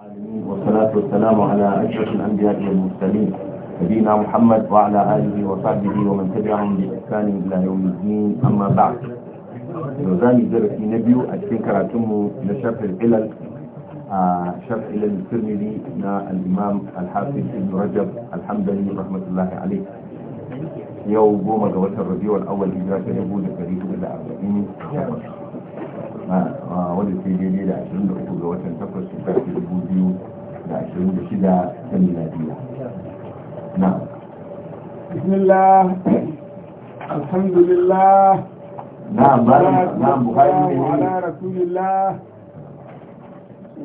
العالمين والصلاة والسلام على أشرف الأنبياء والمرسلين نبينا محمد وعلى آله وصحبه ومن تبعهم بإحسان إلى يوم الدين أما بعد نزامي درسي نبيو أتكين كراتمو لشرح العلل شرح علل الترمذي نا الإمام الحافظ ابن رجب الحمد لله رحمة الله عليه يوم قومة وتر الربيع الأول هجرة يبود فريق إلى أربعين شهر wadda ke daidai da 23 ga watan 8 shekarar 2026 ta miladiya na bismillah alhamdulillah na amma buhari ne wa rasulillah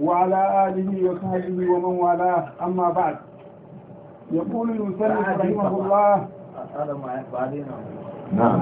wa ala alihi wa sahbihi wa man wala amma ba'd يقول المسلم رحمه الله نعم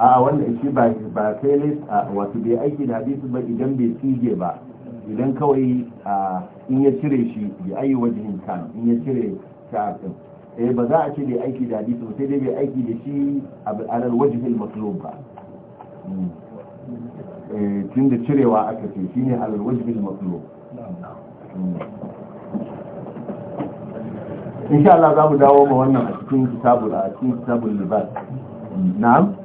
a wannan shi ba ba kai wato bai aiki da hadisi ba idan bai tsige ba idan kawai in ya cire shi bi ayi wajihin kan in ya cire sha'afin eh ba za a ce bai aiki da hadisi ba sai dai bai aiki da shi a alal wajihin matlub ba hmm. eh, tun da cirewa aka ce shi ne alal wajihin matlub hmm. insha Allah za mu dawo ma wannan a cikin kitabul a cikin kitabul libas hmm. na'am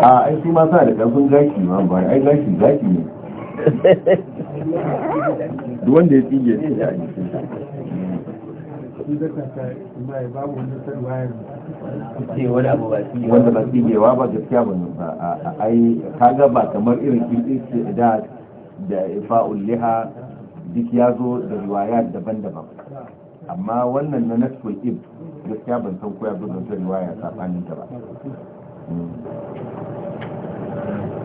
a ai shi ma sa da ƙarfin gashi ma ba ai gashi gashi ne duk wanda ya tsige ne ya yi wanda ba tsigewa ba gaskiya ba a ai kaga ba kamar irin ƙirƙirƙi da da ifa'ul liha duk ya zo da riwaya daban-daban amma wannan na nasul ib gaskiya ban san koya ya zo da riwaya sabanin ta ba hmm.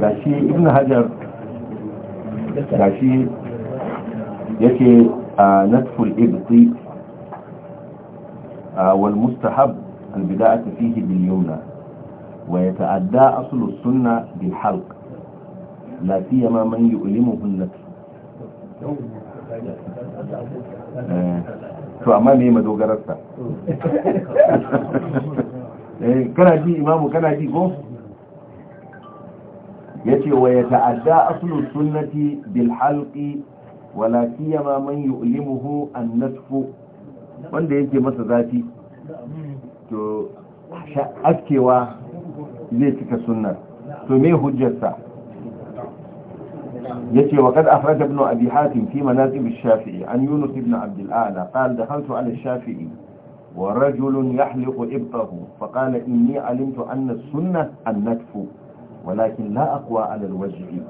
gashi ibn hajar gashi yake a natful ibti wal mustahab البداية فيه باليمنى ويتعدى أصل السنة بالحلق لا سيما من يؤلمه النفس to amma ne madogararsa kana ji imamu kana ji ko Ya ce wa ya ta'adda aslu sunnati bil halqi ma siyama man yu'limuhu an-nasfu wanda yake masa zafi to askewa zai cika sunnar to me hujjarsa ce wa kada kad afrada ibn abi hatim fi manaqib ash-shafi'i an yi ibn abd al-a'la qala dakhaltu ala ash-shafi'i wa rajulun yahliqu ibtahu fa qala inni alimtu anna as-sunnah an-natfu walakin la aqwa ala al-wajhi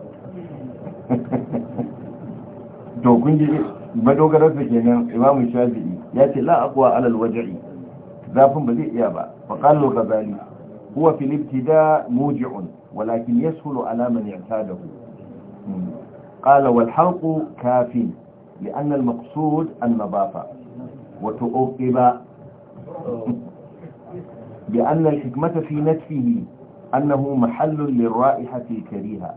to kun ji madogarar kenan imam shafi'i ya ce aqwa ala al-wajhi ذاف بذئ يابا فقال الغزالي هو في الابتداء موجع ولكن يسهل على من اعتاده قال والحلق كاف لأن المقصود النظافة وتؤقب بأن الحكمة في نتفه أنه محل للرائحة الكريهة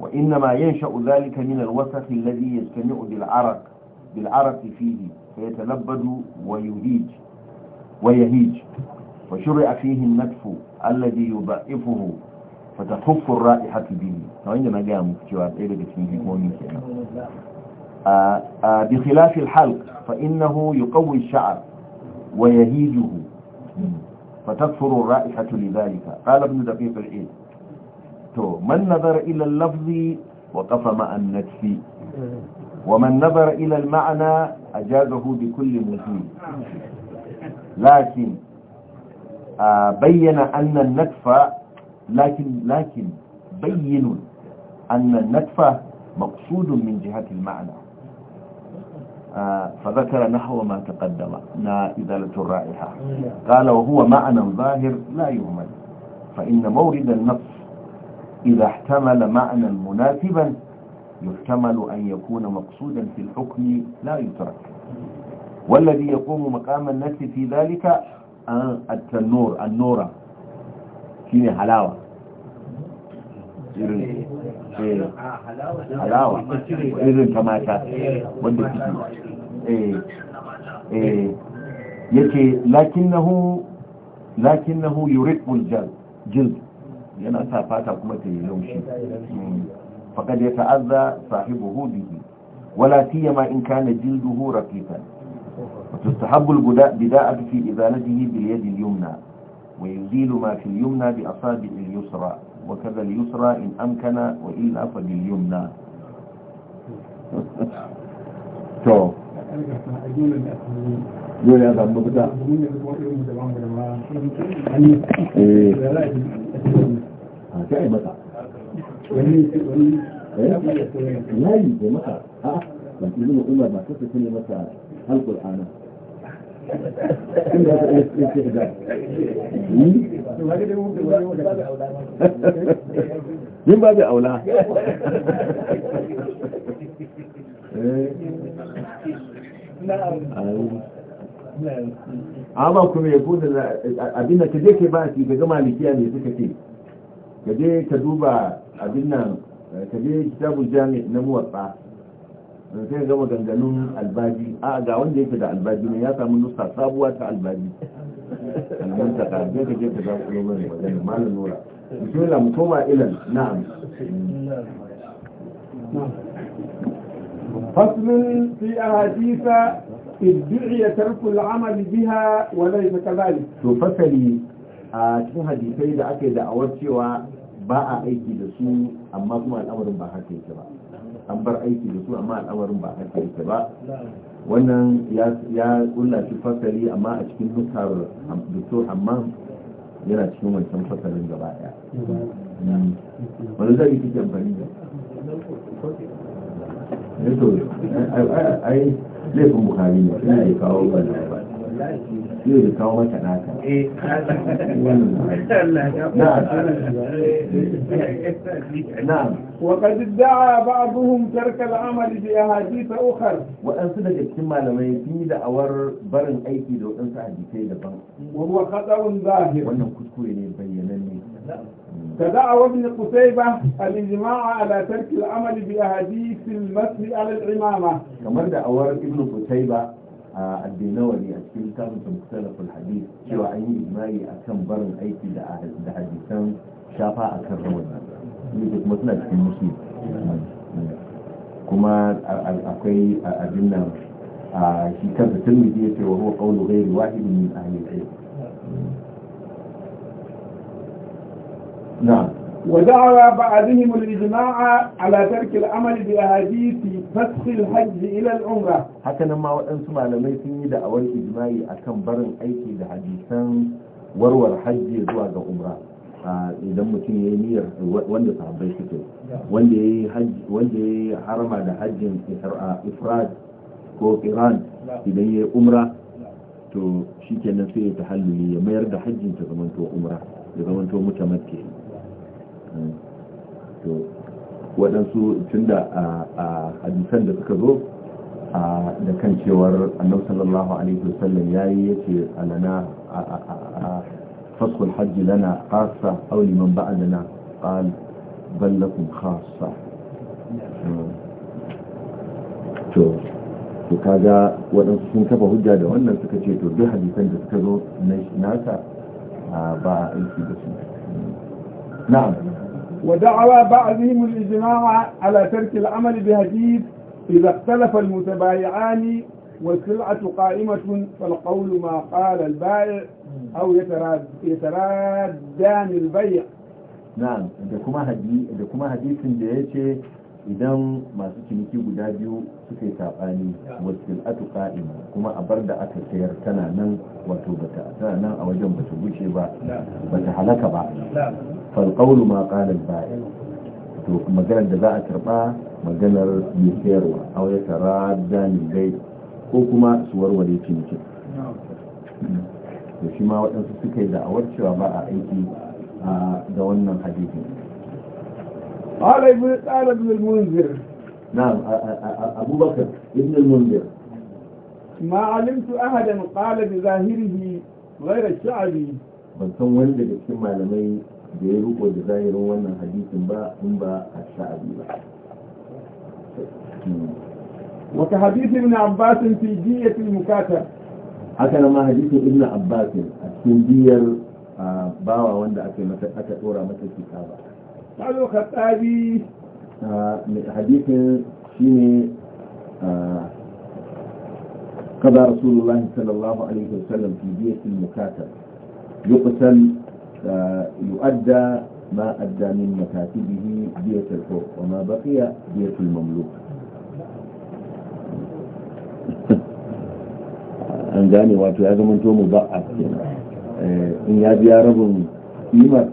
وإنما ينشأ ذلك من الوسخ الذي يجتمع بالعرق بالعرق فيه فيتلبد ويهيج ويهيج وشرع فيه النتف الذي يضعفه فتخف الرائحة به فعندما جاء مفتوات إيه بسمه ومثله يعني. آه، آه، بخلاف الحلق فإنه يقوي الشعر ويهيجه فتكثر الرائحة لذلك قال ابن دقيق العيد تو من نظر إلى اللفظ وقف مع النتف ومن نظر إلى المعنى أجازه بكل مزيد لكن آه، بين أن النتف لكن لكن بين أن النتف مقصود من جهة المعنى آه، فذكر نحو ما تقدم نا إزالة الرائحة قال وهو معنى ظاهر لا يهمل فإن مورد النص إذا احتمل معنى مناسبا يحتمل أن يكون مقصودا في الحكم لا يترك والذي يقوم مقام النفس في ذلك التنور النورة شيني حلاوة halawa irin ta mata wanda ya ce lakinnahu yurikul jil yana sa fata kuma ta yi laushi faƙad ya ta'azza sahibu hudu wala in kana jilduhu rakitan وتستحب بداء في إزالته باليد اليمنى ويزيل ما في اليمنى بأصابع اليسرى وكذا اليسرى إن أمكن وإلا فباليمنى تو دول هذا المبدا هكاي آه، متى إيه؟ لا يجي إيه، متى اه لكن يقول ما كنت تكون متى القرآن yin babu aula eh. amma kuma ya kuda abin da ka je ke ba shi ga likiya ne suka ce ka je ka duba abin nan ka je kitabul jami na muwatsa sai gama maganganun albaji a ga wanda yake da albaji ne ya samu nusa sabuwa ta albaji almanta ka je ka je ka za ku yobe magana malam nura bismillah mu koma ilan na'am فصل في أحاديث ادعي ترك العمل بها وليس كذلك to fasali a cikin hadisai da ake da'awar cewa ba a aiki da su amma kuma al'amarin ba haka yake ba an bar aiki da su amma al'amarin ba haka yake ba wannan ya kulla shi fasali amma a cikin dukkan doktor amma yana cikin wancan fasalin gaba daya wani zai fi amfani da eh ai laifin bukari ne suna ya kawo wannan ba zai da kawo maka naka eh. na'am wa qad da'a ba'dhum tarka al-amal bi ahadith ukhra wa an su daga cikin malamai sun yi da'awar barin aiki da wadansu hadisai daban wa huwa khata'un zahir wannan kuskure ne bayyananne كدعوى ابن قتيبة الإجماع على ترك العمل بأحاديث المسح على الإمامة كما دعوى ابن قتيبة a addinawari a cikin tabbatar mutane kul hadith cewa an yi imani akan barin aiki da hadisan shafa a kan rawan da kuma suna cikin musu kuma akwai abin nan a shi kan da tilmidi ya ce wa ruwa kaunu gairi wahidin min ahalin ayyuka na'am ودعوى بعضهم الإجماع على ترك العمل بأحاديث فسخ الحج إلى العمرة حتى لما وأنتم malamai sun yi da'awar ijma'i kan barin aiki da hadisan warwar hajji zuwa ga umra idan mutum ya yi niyyar wanda sahabbai suke wanda ya yi harama da hajjin ifrad ko iran idan ya yi umra to shi kenan sai ya ta ya mayar da hajjin ta zamanto umra ya zamanto mutamatti to waɗansu tun da a hadisan da suka zo da kan cewar annabi sallallahu alaihi wasallam yayi yace alana fasqul hajj lana khassa aw liman ba'dana qal bal lakum khassa hmm. to to kaga waɗansu sun kafa hujja da wannan suka ce to duk hadisan da suka zo na nasa ba aiki da su hmm. na'am ودعوى بعضهم الإجماع على ترك العمل بهديد إذا اختلف المتبايعان والسلعة قائمة فالقول ما قال البائع أو يتراد يترادان البيع نعم da kuma hadisi da ya ce idan masu ciniki guda biyu suka yi saɓani wasil atu ka'ima kuma a bar da aka sayar tana nan wato bata tana nan a wajen bata wuce ba bata halaka ba falƙaulu ma ƙalin ba'i to maganar da za a karɓa maganar mai sayarwa a wajen tara danin gai ko kuma su warware cinikin to shi ma waɗansu suka yi da'awar cewa ba a aiki da wannan hadisin قال ابن قال ابن المنذر نعم أبو بكر ابن المنذر ما علمت أحدا قال بظاهره غير الشعبي ban san wani daga cikin malamai da ya rubo da zahirin wannan hadisin ba in ba a sha'abi ba wata hadisin ibn abbas fi diyatil mukatab haka nan ma hadisin ibn Abbasin, a cikin diyar bawa wanda aka mata aka dora mata kitaba قالوا خطابي آه، حديث شيني آه، قضى رسول الله صلى الله عليه وسلم في دية المكاتب يقتل آه، يؤدى ما أدى من مكاتبه دية الحر وما بقي دية المملوك أنجاني واتو هذا منتو zama to mu ba'a kenan in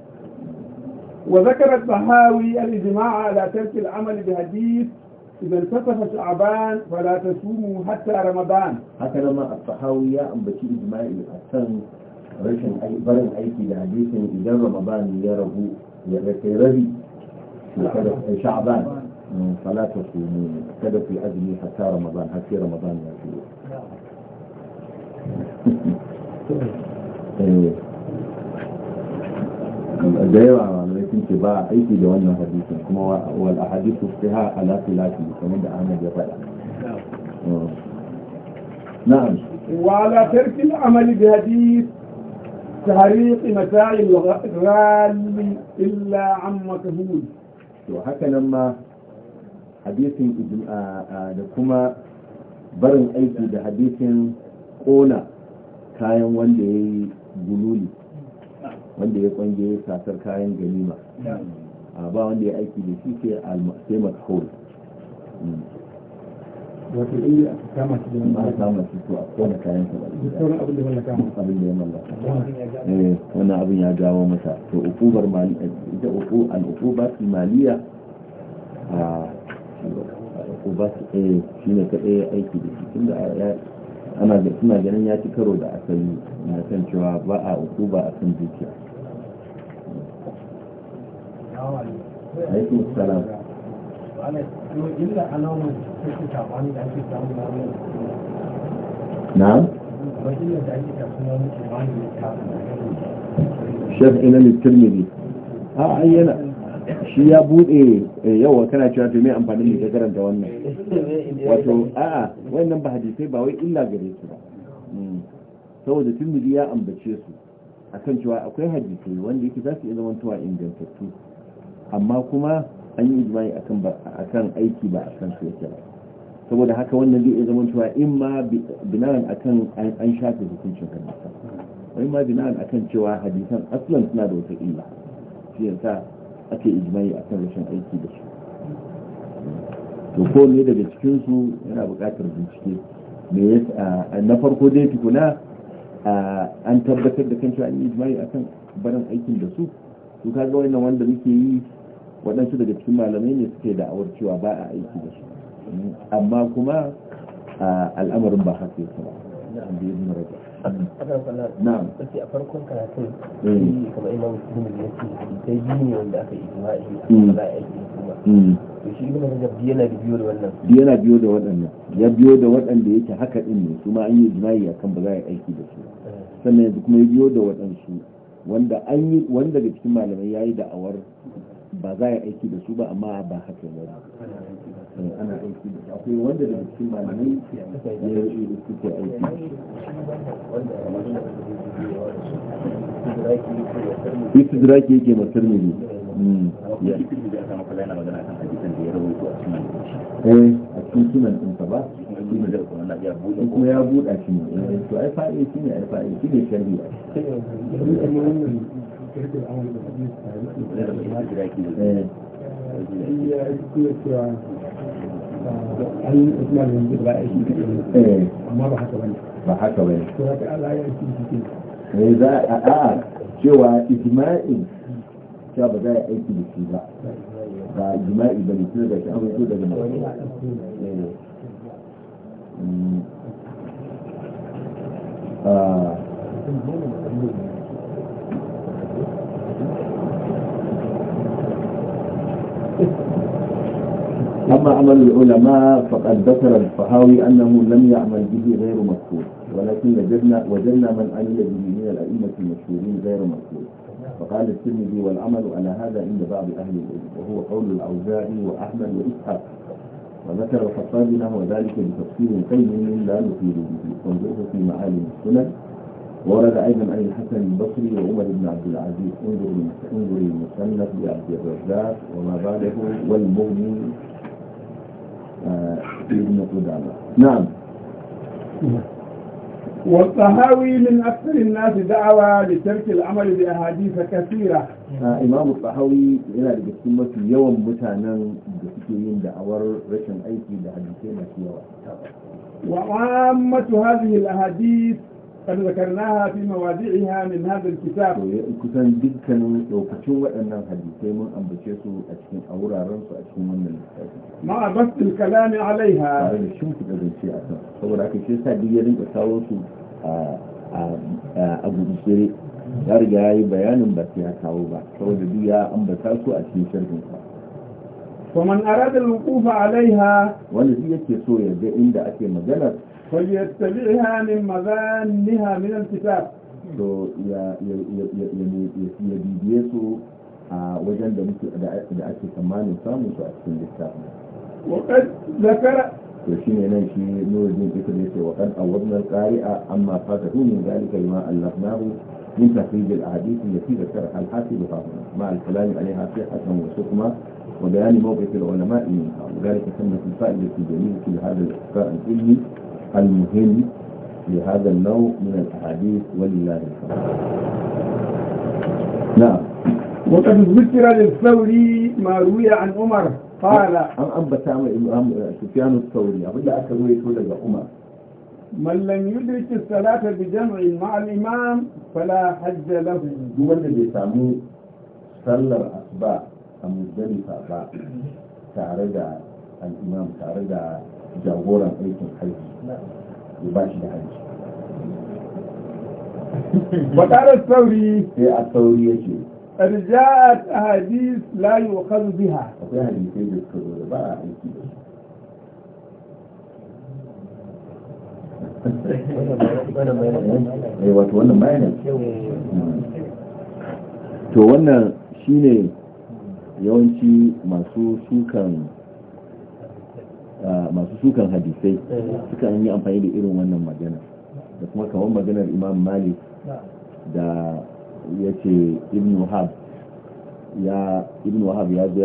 وذكر البهاوي الاجماع على ترك العمل بهديد اذا انتصف شعبان فلا تسوموا حتى رمضان هكذا ما الطحاوي ام بكي اجماع الحسن رشن اي برن اي في الحديث ان اذا رمضان يره يرتي ربي شعبان فلا تصوموا كذا في اذني حتى رمضان حتى رمضان يا شيخ نعم ايه ايه ايه آه. نعم وعلى ترك العمل بهديث تاريخ متاع الغالي الا عم مكهول وحكى لما حديث ابن آه، آه، كما برن ايتي بحديث قونا كاين وندي بلولي wanda ya kwange sasar kayan ganima a ba wanda ya aiki da shi ke sai hall hmm. wata a kama da ba kama shi a kona kayan sa ba abin da mallaka abin da ya mallaka eh abin ya jawo masa to ukubar eh, ita uku maliya a ukubat eh kadai aiki da shi tunda ana ganin ya ci karo da asali na kan cewa ba a ukuba akan dukiya alaikum salam Na? shaf ina litirmidi a ah, ayyana shi ya bude eh, yawa kana cewa to mai amfani da karanta wannan wato a'a wannan ba hadisai ba wai illa gare su ba hmm. saboda tirmidhi ya ambace su akan cewa akwai hadisai wanda yake za su iya zamantowa ingantattu amma kuma an yi ijma'i akan akan aiki ba akan kan ba saboda haka wannan zai iya zama cewa in ma binaran akan an shafe hukuncin hadisa wai ma binaran akan cewa hadisan aslan suna da wata illa shi yasa ake ijma'i akan rashin aiki da shi to ko ne daga cikin yana buƙatar bincike me yasa na farko dai tukuna an tabbatar da kan cewa an yi ijma'i akan barin aikin da su su kaga wannan wanda muke yi waɗansu daga cikin malamai ne suke da'awar cewa ba a aiki da shi amma kuma al'amarin ba haka yake ba da ibn raja na'am sai a farkon karatun eh. kamar imam muslim ne sai biyu ne wanda aka yi jima'i hmm. ba a aiki da kuma hmm. to shi ibn raja yana biyo da wannan yana biyo da waɗannan ya biyo da waɗanda yake haka din ne su ma an yi jima'i akan ba za a yi aiki da su eh. sannan yanzu kuma ya biyo da waɗansu wanda an yi wanda daga cikin malamai ya yi da'awar ba za a yi aiki da su ba amma ba haka ne ana aiki da akwai wanda da cikin malamai ya yi da suke aiki istidraki yake masar ne ne a cikin sunan ɗinsa ba kuma ya buɗa shi ne eh. to ai fa'i shi ne ai fa'i shi ne shari'a ba ne za a cewa ijma'in cewa ba za a aiki da shi ba ba ijma'i ba ne tun da shi an daga mawani أما عمل العلماء فقد ذكر الفهاوي أنه لم يعمل به غير مذكور ولكن وجدنا وجدنا من عمل به من الأئمة المشهورين غير مذكور فقال الترمذي والعمل على هذا عند بعض أهل العلم وهو قول الأوزاعي وأحمد وإسحاق وذكر الخطابي نحو ذلك بتفسير قيم لا نفيد به وانظره في معالم السنن ورد ايضا عن الحسن البصري وعمر بن عبد العزيز انظر انظر المسند لعبد الرزاق وما بعده والمغني نعم والطهاوي من أكثر الناس دعوة لترك العمل بأحاديث كثيرة آه، إمام الطهاوي هنا daga cikin mafi yawan mutanen da suke yin da'awar وعامة هذه الأحاديث أن ذكرناها في مواضيعها من هذا الكتاب الكتاب جد كانوا لو كتوا الحديثين من أم أشكين أورا رمس أشكين من الكتاب مع بسط الكلام عليها أنا شمت هذا الشيء أصلا صور أكي شيء سادية لن أبو بشيري يرجع بيان بسيها كاوبا صور دي أم بسيسو أشكين شرقين فمن أراد الوقوف عليها ولذي يكي سوريا دي أكي مجلس فليتبعها من مبانها من الكتاب to ya bibiye su a wajen da muke da ake tsammanin samun su a cikin littafin. Waƙad zakara. To shi ne nan shi nurin ita ne ce waƙad a wannan ƙari'a amma fata hunin zalika lima Allah nahu من تخريج الاحاديث التي ذكرها الحافظ هنا مع الكلام عليها صحه وسقما وبيان موقف العلماء منها وذلك تمت الفائده الجميله في هذا الاحقاء العلمي المهم لهذا النوع من الأحاديث ولله الحمد نعم وقد ذكر للثوري ما روي عن عمر قال أن أنبتا سفيان الثوري أبدا أكروي تولد عمر من لم يدرك الصلاة بجمع مع الإمام فلا حج له هو الذي سامو صلى الأصباح المزدلفة تارجع الإمام تارجع jagoran aikin haji ya ba shi da haji wakarar sauri sai a sauri ya ce arja'at hadis la kan biha akwai hadisai da suka zo da ba a aiki da su eh, wato wannan bayanin hmm. to wannan shine yawanci masu sukan masu sukan hadisai suka yi amfani da irin wannan magana da kuma kawon maganar imam malik da ya ce ibn wahab ya zo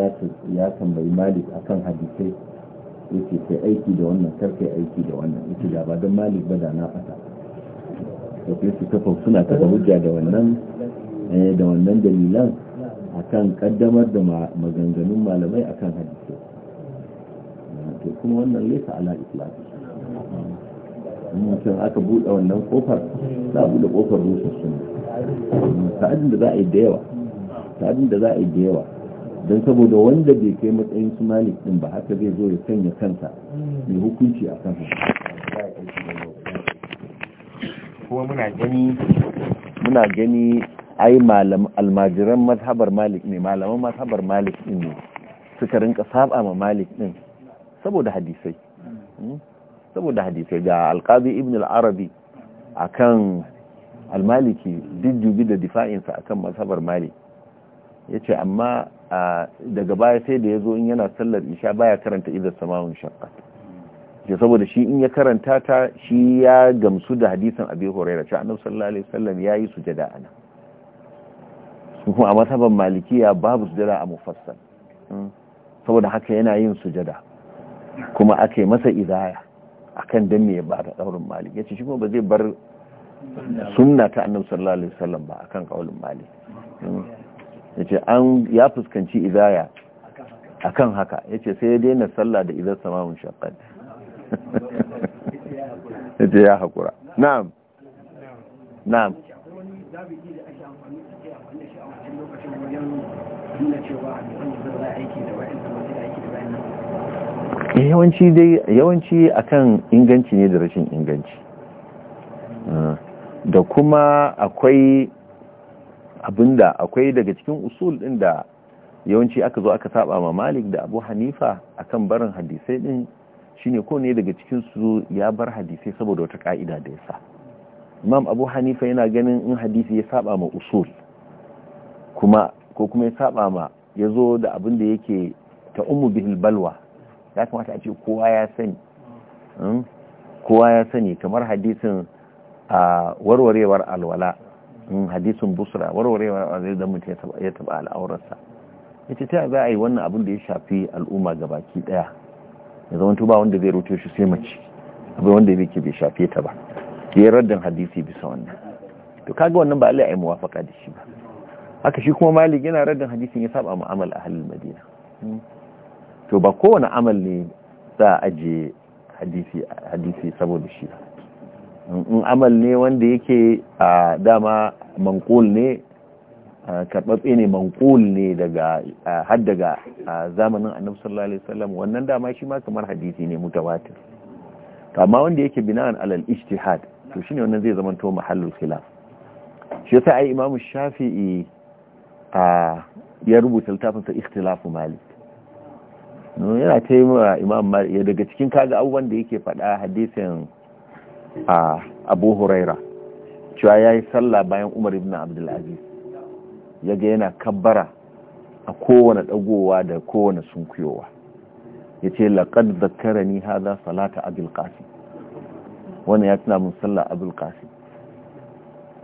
ya tambayi malik akan hadisai ya ce kai aiki da wannan karfe aiki da wannan ya ce don malik ba da na fata da su kafa suna kafa hujja da wannan da wannan dalilan akan kaddamar da maganganun malamai akan hadisai. to kuma wannan laisa ala islami mutum aka buɗe wannan kofar za a buɗe kofar rushe suna ta'adin da za a yi da yawa ta'adin da za a yi da yawa don saboda wanda bai kai matsayin su malik din ba haka zai zo ya sanya kansa mai hukunci a kansa kuma muna gani muna gani ai malam almajiran mazhabar malik ne malaman mazhabar malik din ne suka rinka saba ma malik din saboda hadisai hmm? saboda hadisai ga alkazi ibn al-arabi akan al-maliki dijjubi da difa'insa akan mazhabar malik yace amma daga baya sai da yazo in yana sallar isha baya karanta idan sama'un shaqqat ya saboda shi in ya karanta ta shi ya gamsu da hadisin abi huraira cewa annabi sallallahu alaihi wasallam yayi sujada ana kuma a masabar malikiya babu sujada a mufassal hmm? saboda haka yana yin sujada kuma aka yi masa izaya akan dan me ya ba da daurin malik yace shi kuma ba zai bar sunna ta annabi sallallahu alaihi wasallam ba akan kaulin malik yace an ya fuskanci izaya akan haka yace sai ya daina sallah da idan samamun shaqqat yace ya hakura na'am na'am Na cewa a aiki da aiki da Eh, yawanci dai yawanci akan inganci ne da rashin inganci ah, da kuma akwai abinda akwai daga cikin usul din da yawanci aka zo aka saba ma Malik da Abu Hanifa akan barin hadisai din shine ko ne daga cikin su ya bar hadisai saboda wata ka'ida da yasa Imam Abu Hanifa yana ganin in hadisi ya saba ma usul kuma ko kuma ya saba ma yazo da abinda yake ta ummu bihil balwa ya kamata a ce kowa ya sani hmm? kowa ya sani kamar hadisin a warwarewar alwala hmm, hadisin busra warwarewar alwala da mutum ya taba al'aurarsa ya ce ta za a yi wannan abin da ya shafi al'umma gabaki daya ya zama tuba wanda zai rute shi sai mace abin wanda zai ke bai shafe ta ba ya raddin hadisi bisa wannan to kaga wannan ba a ya muwafaka da shi ba haka shi kuma malik yana raddin hadisin ya saba mu'amala halin madina hmm? to ba kowane amal ne za a ajiye hadisi saboda shi in amal ne wanda yake a dama mankul ne karɓaɓɓe ne mankul ne daga haddaga daga zamanin annabi sallallahu alaihi wasallam wannan dama shi ma kamar hadisi ne mutawatir to amma wanda yake bina'an alal ijtihad to shine wannan zai zama to mahallul khilaf shi yasa ai imamu shafi'i a ya rubuta littafin sa ikhtilafu malik yana ta yi wa imam ya daga cikin kaga abubuwan da yake faɗa hadisin a abu huraira cewa ya yi sallah bayan umar ibn abdulaziz ya ga yana kabbara a kowane ɗagowa da kowane sunkuyowa ya ce laƙad zakara ni haza salata abul ƙasi wannan ya tuna mun sallah abul ƙasi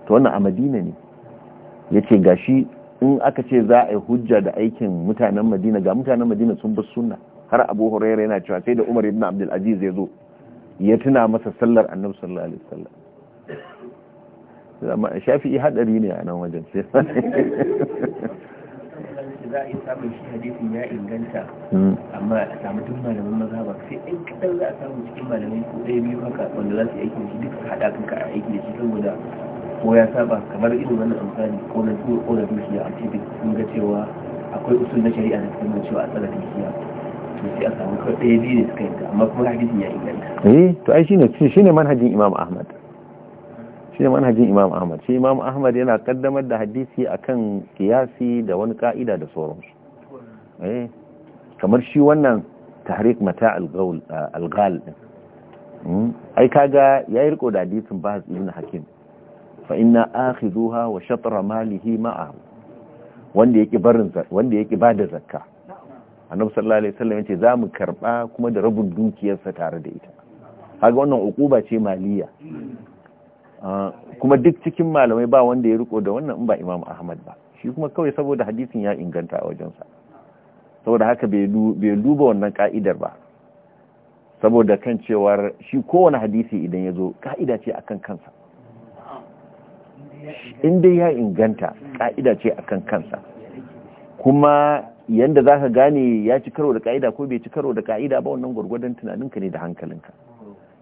to wani a madina ne ya ce gashi in aka ce za a yi hujja da aikin mutanen madina ga mutanen madina sun bi sunna har abu horaira yana cewa sai da umar ibn abdul aziz ya zo ya tuna masa sallar annabi sallallahu alaihi wasallam zama shafi hadari ne a nan wajen sai za a yi samun shi hadisin ya inganta hmm. amma a samu duk malamin maza ba sai ɗan kaɗan za a samu cikin malamai ko ɗaya biyu haka wanda za su yi aikin shi duka haɗa kanka a aiki da shi saboda ko ya saba kamar irin wannan amfani ko na zuwa ko na dukiya a cikin sun ga cewa akwai usul na shari'a da suka nuna cewa a tsara dukiya to sai a samu kawai ɗaya biyu ne suka yanka amma kuma hadisin ya inganta eh to ai shine shine manhajin imam ahmad shine manhajin imam ahmad shi imam ahmad yana kaddamar da hadisi akan kiyasi da wani ka'ida da sauransu eh kamar shi wannan tahrik mata al-ghawl ghal hmm? ai kaga yayi riko da hadisin bahas ibn hakim fa inna zuha wa shatra malihi ma'ahu wanda yake barin wanda yake bada zakka annabi sallallahu alaihi wasallam yace mu karba kuma da rabin dukiyarsa tare da ita kaga wannan ukuba ce maliya ah, kuma duk cikin malamai ba wanda ya riko da wannan in ba Imam Ahmad ba shi kuma kawai saboda hadisin ya inganta a wajensa saboda haka bai duba wannan ka'idar ba saboda kan cewar shi kowane hadisi idan ya zo ka'ida ce akan kansa in dai ya inganta ka'ida ce akan kansa kuma yanda za ka gane ya ci karo da ka'ida ko bai ci karo da ka'ida ba wannan gwargwadon tunaninka ne da hankalinka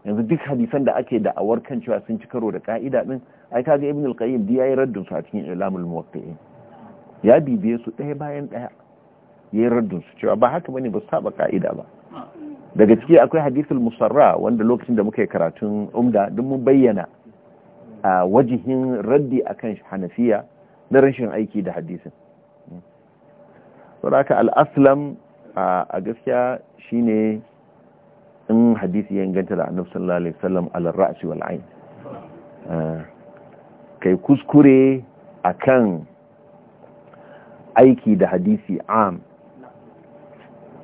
yanzu duk hadisan da ake da da'awar kan cewa sun ci karo da ka'ida din ai kaga ibn al-qayyim yayi raddin su a cikin ilamul muwaqqi'in ya bibiye su ɗaya bayan ɗaya yayi raddin su cewa ba haka bane ba su saba ka'ida ba daga ciki akwai hadisul musarra wanda lokacin da muka yi karatun umda duk mun bayyana A wajihin raddi a kan hanafiya na rashin aiki da hadisin saboda al-aslam a gaskiya shine in hadisi ya inganta da annabi sallallahu alaihi wasallam ra'si wal kai kuskure akan aiki da hadisi am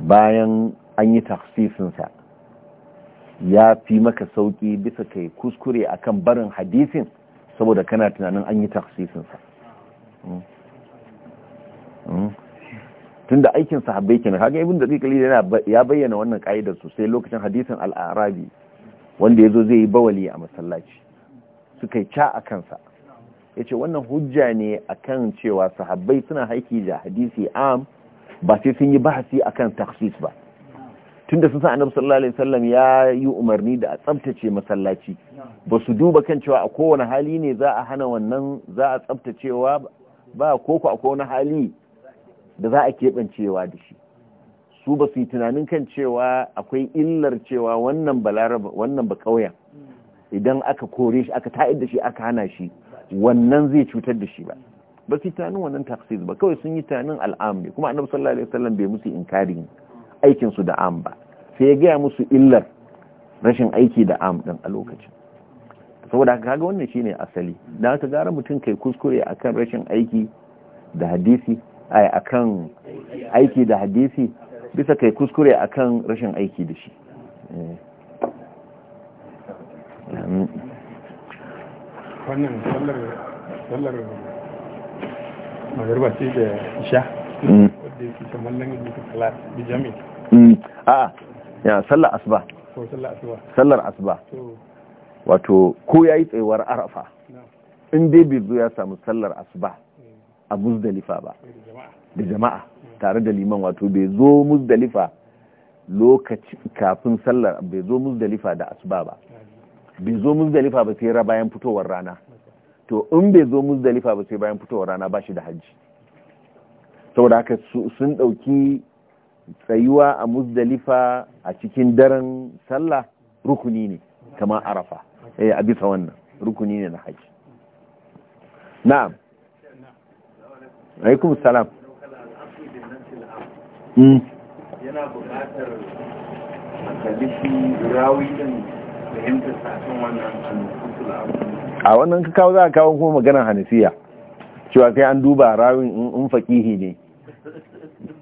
bayan an yi tafsisinsa ya fi maka sauki bisa kai kuskure akan barin hadisin saboda kana tunanin an yi taksisinsa tunda mm. mm. Tunda aikin sahabbai kenan kaga ibn da kikali ya bayyana wannan ka'idar sosai lokacin hadisin al'arabi wanda ya zo zai yi bawali a masallaci suka yi ca a kansa ya ce wannan hujja ne akan cewa sahabbai suna haiki da hadisi am ba sai sun yi bahasi akan taksis ba tunda sun san annabi sallallahu alaihi wasallam ya yi umarni da a tsaftace masallaci ba su duba kan cewa a kowane hali ne za a hana wannan za a tsabtacewa ba ko ku a kowane hali da za a keɓancewa da shi su ba su yi tunanin kan cewa akwai illar cewa wannan balaraba wannan ba kauyen idan aka kore shi aka ta'id da shi aka hana shi wannan zai cutar da shi ba ba su yi tunanin wannan taxis ba kawai sun yi tunanin al'am ne kuma annabi sallallahu alaihi wasallam bai musu inkari ne aikinsu da am ba sai ya gaya musu illar rashin aiki da am ɗin a lokacin saboda haka kaga wannan shine asali da haka gara mutum kai kuskure akan rashin aiki da hadisi ai akan aiki da hadisi bisa kai kuskure akan rashin aiki da shi eh. wannan sallar sallar magarba ce da isha mm. Mm. a'a ya sallar asuba sallar asuba wato ko ya yi tsayuwar arafa in dai bai zo ya samu sallar asuba eh. a muzdalifa ba eh, da jama'a eh. tare da liman wato bai zo muzdalifa lokaci kafin sallar bai zo muzdalifa da asuba ba bai zo muzdalifa ba sai bayan fitowar rana to in bai zo muzdalifa ba sai bayan fitowar rana ba shi da hajji saboda haka sun ɗauki tsayuwa a muzdalifa a cikin daren sallah rukuni ne kama arafa eh, a bisa wannan rukuni ne na haji na'am alaikum salam hmm. yana buƙatar kalishi rawi din fahimtar sakin wannan a wannan kawo za a kawo kuma maganar hanafiya cewa sai an duba rawin in faƙihi ne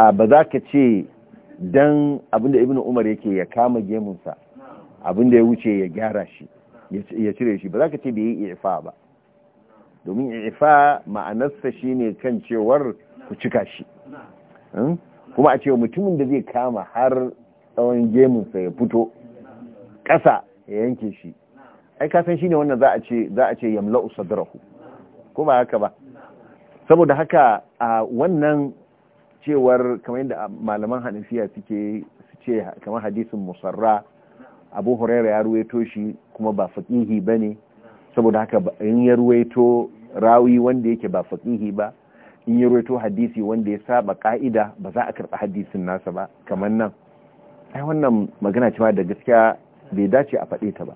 a ba za ka ce don abinda ibn umar yake ya kama gemunsa abinda ya wuce ya gyara shi ya cire shi ba za ka ce bai yi ifa ba domin ifa ma'anarsa shine kan cewar ku cika shi hmm? kuma a cewa mutumin da zai kama har tsawon gemunsa ya fito ƙasa ya yanke shi ai kasan shi shine wannan za a ce za a ce yamla'u sadrahu kuma haka ba saboda haka a wannan cewar kamar yadda malaman hanafiya suke su ce kamar hadisin musarra abu huraira ya ruwaito shi kuma ba faƙihi ba ne saboda haka in ya ruwaito rawi wanda yake ba faƙihi ba in ya ruwaito hadisi wanda ya saba ka'ida ba za a karɓi hadisin nasa ba kamar nan ai wannan magana cewa da gaskiya bai dace a faɗe ta ba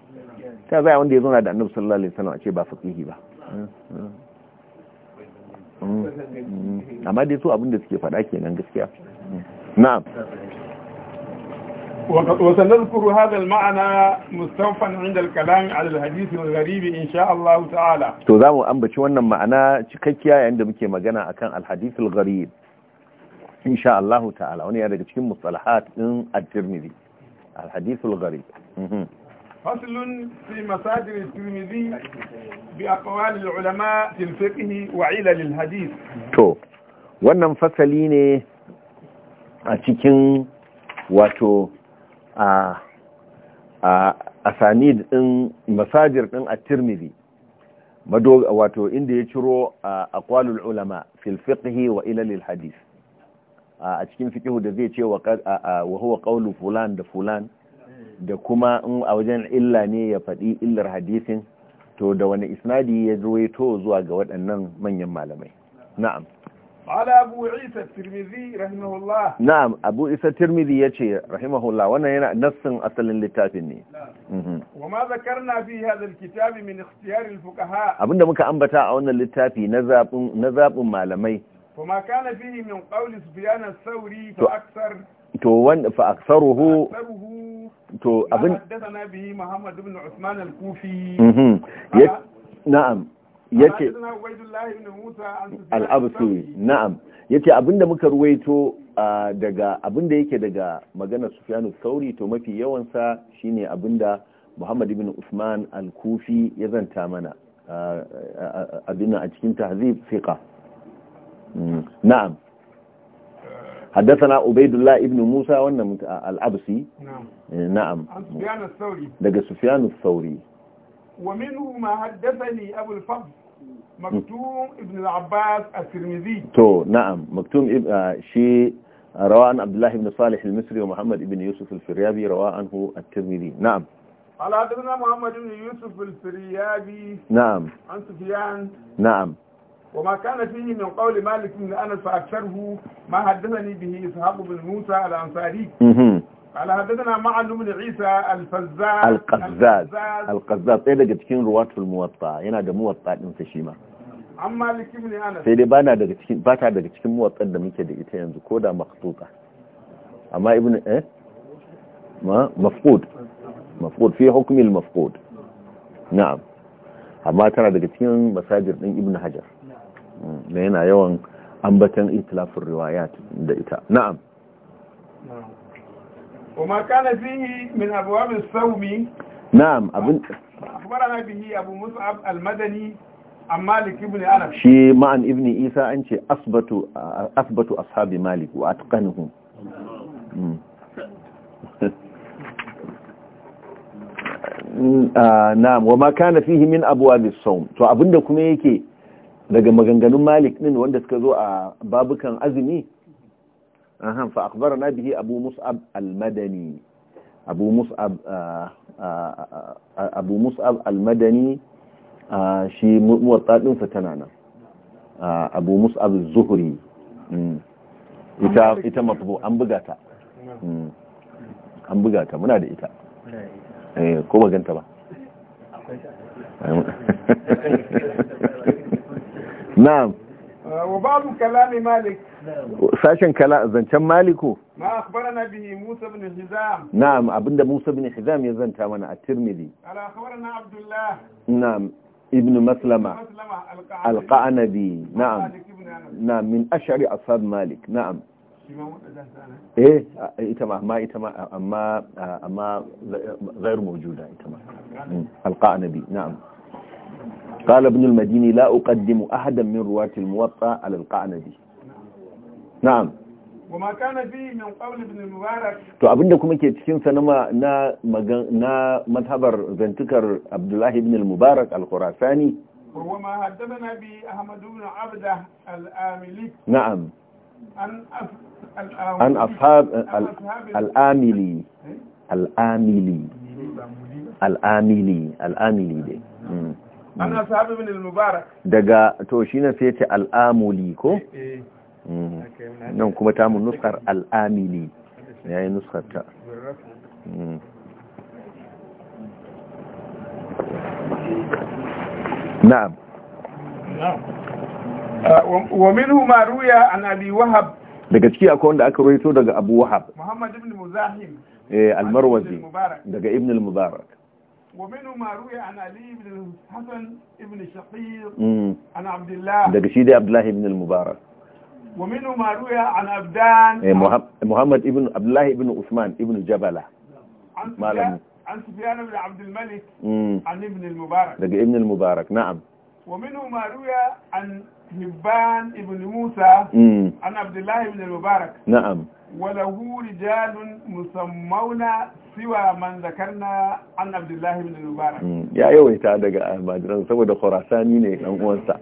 ta zai wanda ya zauna da annabi sallallahu alaihi wasallam a ce ba faƙihi ba Mm-hmm. amma dai su abinda suke faɗa kenan gaskiya mm-hmm. na'am وسنذكر هذا المعنى مستوفا عند الكلام على الحديث الغريب ان شاء الله تعالى to zamu ambaci wannan ma'ana cikakkiya yayin da muke magana akan al-hadith al-gharib insha Allah ta'ala wani ya daga cikin mustalahat din at-Tirmidhi al-hadith al-gharib mm-hmm. فصل في مساجد الترمذي بأقوال العلماء في الفقه وعلل الحديث تو wannan fasali ne a cikin wato a asanid din masajir din at-tirmidhi wato inda ya ciro aqwalul ulama fil fiqh wa ilal hadith a cikin fiqh da zai ce wa huwa qawlu fulan da fulan da kuma in a wajen illa ne ya faɗi illar hadisin to da wani isnadi ya to zuwa ga waɗannan manyan malamai na'am ala abu isa tirmidhi rahimahullah na'am abu isa tirmidhi yace rahimahullah wannan yana nassin asalin littafin ne mhm. wa ma zakarna fi hadha alkitab min ikhtiyar alfuqaha abinda muka ambata a wannan littafi na zabin na zabin malamai kuma kana fi min qawli sufyan sauri fa aksar? to wanda fa aksaruhu to abin haddathana bi Muhammad ibn Uthman al-Kufi mhm. na'am yace al absuri na'am yace abinda muka ruwaito daga abinda yake daga magana Sufyan al thawri to mafi yawan sa shine abinda Muhammad ibn Uthman al-Kufi ya zanta mana abinda a cikin tahzib fiqa mm. na'am حدثنا عبيد الله ابن موسى وان الابسي نعم نعم سفيان الثوري دغ سفيان الثوري ومنه ما حدثني ابو الفضل مكتوم ابن العباس الترمذي تو نعم مكتوم اب... شيء رواه عن عبد الله بن صالح المصري ومحمد بن يوسف الفريابي رواه عنه الترمذي نعم قال حدثنا محمد بن يوسف الفريابي نعم عن سفيان نعم وما كان فيه من قول مالك بن أنس فأكثره ما حدثني به إسحاق بن موسى الأنصاري قال حدثنا معن بن عيسى الفزاز القزاز القزاز إيه لقد كين رواة الموطأ هنا ده موطأ إنسى شيما an maliki ne ana sai dai bana daga cikin ba ta daga cikin muwatsar da muke da ita yanzu ko da makhsusa amma ibnu eh ma mafqud mafqud fi hukmi al mafqud na'am amma tana daga cikin masajir din ibnu hajar da yana yawan ambatan itilafin riwayat da ita na'am umar kana yi min abuwa abuwamin saumi na'am abin akwara yi abu musu al-madani a malik ibn arab shi ma'an ibn isa an ce asbatu ashabi malik wa atkanihu hmm. ah, na'am wa ma kana fihi min abuwamin saumi to abinda kuma yake daga maganganun malik din wanda suka zo a babukan azumi ahan fa na bihi abu mus'ab al-madani abu mus'ab ah, ah, ah, abu mus'ab al-madani shi muwatta din sa tana nan abu mus'ab az-zuhri hmm. ita ita matbu an buga ta hmm. an buga ta muna da ita eh ko ganta ba na'am uh, wa ba'du sashen kala zancen maliku ma musa ibn hizam na'am abinda musa ibn hizam ya zanta mana a tirmidhi ala akhbarana abdullah na'am ibn maslama alqanabi na'am na'am min ashari ashab malik na'am eh ita ma amma ita ma amma amma ghayr ita ma mm, na'am قال ابن المديني لا أقدم أحدا من رواة الموطأ على القعنبي نعم وما كان فيه من قول ابن المبارك to abinda kuma ke cikin sa na na mazhabar zantukar Abdullah ibn al-Mubarak al-Khurasani وما حدثنا به أحمد بن عبده الآملي نعم عن أصحاب الآملي الآملي الآملي الآملي ana mm. sahabi bin al-mubarak daga to shi ne sai ce al'amuli ko eh, eh. Mm. nan kuma ta mu nuskar al'amili ya yi nuskar ta mm. na'am uh, wa minhu ma ruya an abi wahab daga ciki akwai wanda aka rawaito daga abu wahab muhammad ibn muzahim eh al-marwazi daga ibn al-mubarak ومنه ما روي عن علي بن الحسن بن شقيق عن عبد الله ده شيء عبد الله بن المبارك ومنه ما روي عن أبدان محمد بن عبد الله بن عثمان بن جبلة عن سفيان بن عبد الملك عن ابن المبارك ده ابن المبارك نعم ومنه ما روي عن هبان بن موسى عن عبد الله بن المبارك نعم وله رجال مسمون siwa man zakarna an abdullahi bin mubarak mm, ya yawaita daga almajiran saboda khurasani ne dan uwansa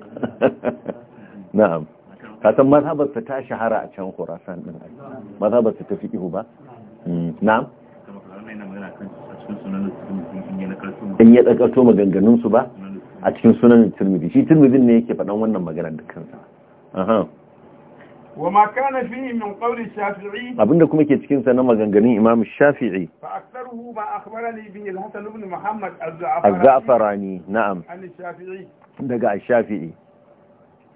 na'am kasan mazhabar sa ta shahara a can khurasan din mazhabar ta tafi ihu ba mm, na'am in ya tsakato maganganun su ba a cikin sunan tirmidhi shi turmidin ne yake faɗan wannan maganar da kansa وما كان فيه من قول الشافعي abinda kuma ke cikin sa na maganganun Imam Shafi'i fa aktharuhu ma akhbarani bihi al-Hasan ibn Muhammad az-Za'farani na'am an shafi'i daga Shafi'i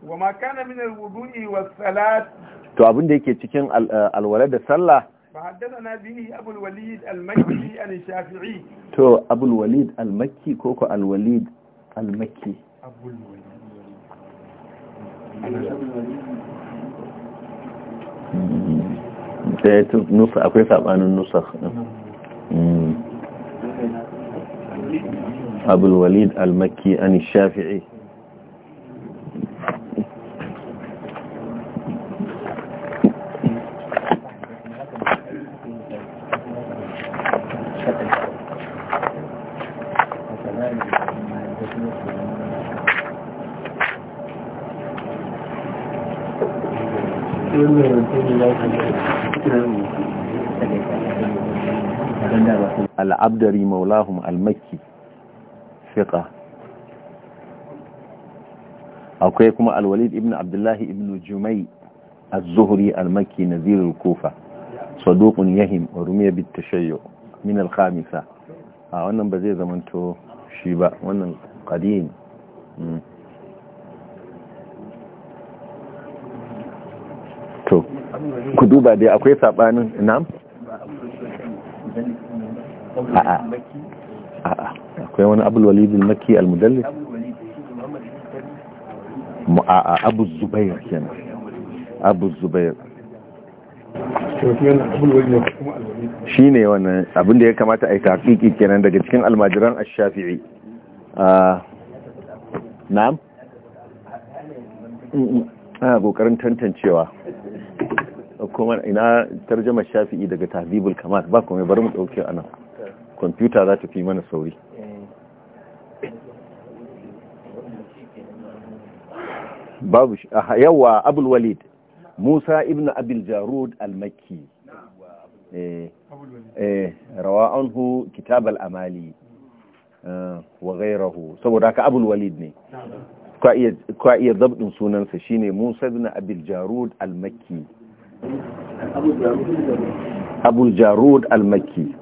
wama kana min al-wudu'i was-salat to abinda yake cikin eh, alwala da sallah فحدثنا به أبو الوليد المكي عن الشافعي تو أبو الوليد المكي كوكو الوليد المكي أبو الوليد sai nusa akwai sabanin nusa hmm. abul walid al-makki an shafi'i al-makki fiqa akwai kuma al-walid ibn abdullahi ibn jumai az-zuhri al-makki nazir al-kufa saduqun yahim wa rumiya bitta shayyo min al-khamisa a wannan ba zai zamanto shi ba wannan qadim hmm. to ku duba dai akwai sabanin nam a'a a'a akwai wani abul walid al-makki al-mudallis a'a abu zubair kenan abu zubair shi ne wannan abinda ya kamata a yi taƙiƙi kenan daga cikin almajiran ashafi'i ah, na'am mm, mm. ana ah, ƙoƙarin tantancewa kuma ina tarjama shafi'i daga tazibul kamar ba kuma bari mu ɗauke a kwamfuta za ta fi mana sauri babu yawa abul walid musa ibn abil jarud al-makki eh, eh, rawa hu kitab al-amali eh, wa gairahu saboda haka abul walid ne kwa iya zabdin sunansa shine musa ibn abil jarud al-makki abul jarud al-makki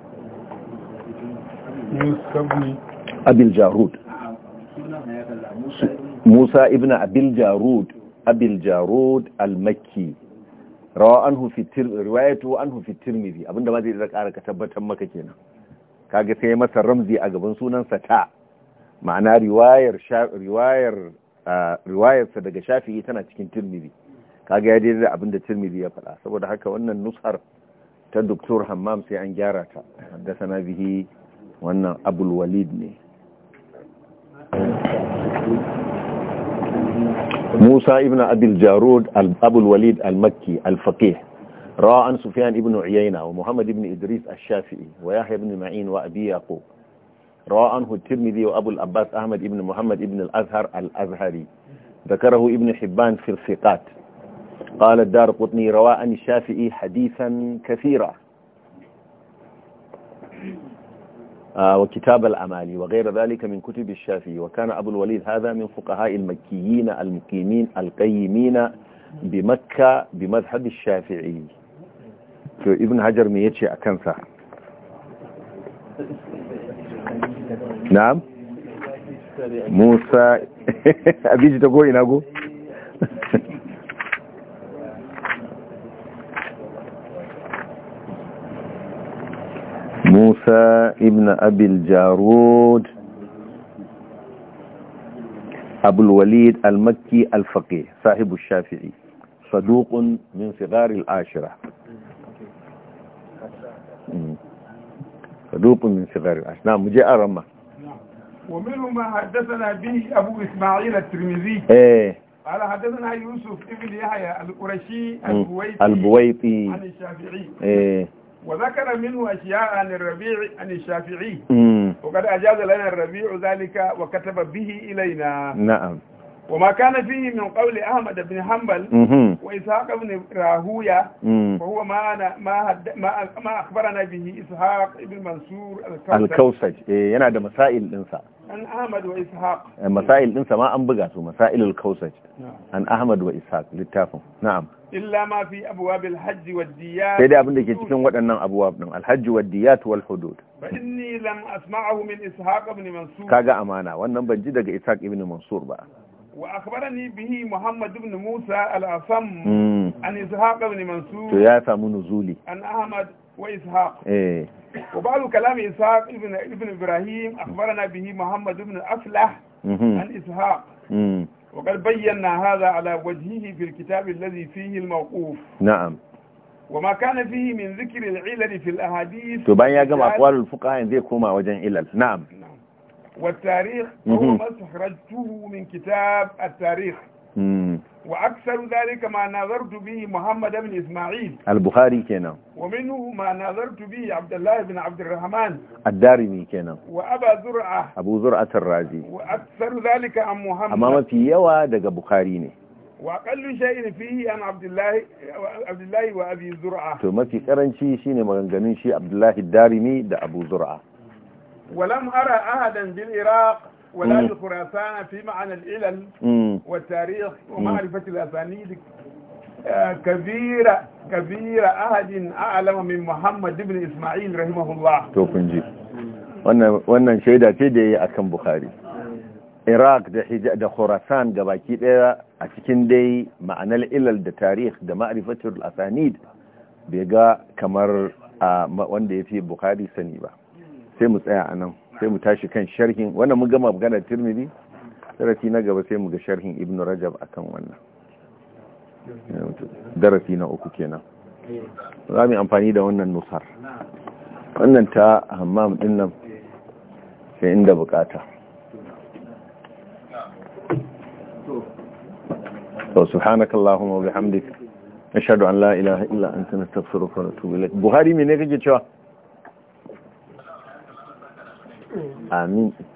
abil jarud musa ibn abil jarud abil jarud al-makki rawa anhu fi riwayatu anhu fi tirmidhi abinda ma zai kara ka tabbatar maka kenan kaga sai masa ramzi a gaban sunansa ta ma'ana riwayar riwayar riwayar sa daga shafi'i tana cikin tirmizi kaga ya daidai abinda tirmizi ya faɗa saboda haka wannan nusar ta doktor hammam sai an gyara ta da sana'bihi. wannan abul walid ne musa ibn abil jarud abul walid al-makki al عن سفيان ابن عيينة ومحمد بن إدريس الشافعي ويحيى بن معين وأبي يعقوب راى عنه الترمذي وأبو العباس أحمد بن محمد بن الأزهر الأزهري ذكره ابن حبان في الثقات قال الدار قطني روى عن الشافعي حديثا كثيرا وكتاب الأمالي وغير ذلك من كتب الشافي وكان أبو الوليد هذا من فقهاء المكيين المقيمين القيمين بمكة بمذهب الشافعي ابن هجر ميتشي أكنسا نعم موسى أبيجي تقول أقول موسى ابن أبي الجارود أبو الوليد المكي الفقيه صاحب الشافعي صدوق من صغار العاشرة صدوق من صغار العاشرة نعم جاء رمى ومنه ما حدثنا به أبو إسماعيل الترمذي ايه قال حدثنا يوسف ابن يحيى القرشي البويطي البويطي عن الشافعي ايه وذكر منه أشياء عن الربيع عن الشافعي وقد أجاز لنا الربيع ذلك وكتب به إلينا نعم Wa maka na fin yi min kawle Ahmad da bin Wa Isa qabne Rahuya. Kowa ma ana ma haɓara na bihi Ishak, Ibn Mansur, Al-Kawsa. al yana da Masail dinsa. An Ahmad wa Ishak. Masail dinsa ma an buga su, Masail Al-Kawsa. An Ahmad wa Ishak, littafin. Na'am. Illa mafi abubuwa bi Alhaji Wadiyyaa. Sai da abin da ke cikin waɗannan abubuwa. Alhaji Wadiyya ta Walhudud. Ba in ni lam'as ma ahumin Ishakabni Mansur. Ka ga amana. Wannan ban ji daga Isak Ibn Mansur ba. وأخبرني به محمد بن موسى الأصم عن إسحاق بن منصور يا سامو نزولي عن أحمد وإسحاق إيه وبعض كلام إسحاق ابن ابن إبراهيم أخبرنا به محمد بن أفلح عن إسحاق وقد بينا هذا على وجهه في الكتاب الذي فيه الموقوف نعم وما كان فيه من ذكر العلل في الأحاديث تبان يا جماعة أقوال الفقهاء زي كوما وجن علل نعم, نعم. والتاريخ هو ما استخرجته من كتاب التاريخ وأكثر ذلك ما نظرت به محمد بن إسماعيل البخاري كنا ومنه ما نظرت به عبد الله بن عبد الرحمن الدارمي كنا وأبا زرعة أبو زرعة الرازي وأكثر ذلك عن محمد أمام في يوا دقى بخاريني وأقل شيء فيه عن عبد الله عبد الله وأبي زرعة ثم في قرن شيء شيء عبد الله الدارمي ده أبو زرعة ولم أرى أحدا بالعراق ولا بخراسان في معنى العلل والتاريخ ومعرفة الأسانيد كبيرة كبيرة أحد أعلم من محمد بن إسماعيل رحمه الله توقن جيب وانا shaida تيدي da بخاري Iraq da Hijaz da Khurasan ga baki daya a cikin dai ma'anar ilal da tarih da ma'rifatul asanid bai ga kamar wanda ya fi Bukhari sani ba. sai mu tsaya a nan sai mu tashi kan sharhin wannan mun gama magana tirmidhi darasi na gaba sai mu ga sharhin ibn rajab akan wannan darasi na uku kenan za mu amfani da wannan nusar wannan ta hammam din nan sai inda bukata to subhanakallahumma wa bihamdika ashhadu an la ilaha illa anta astaghfiruka wa atubu ilayk buhari me ne kake cewa mean,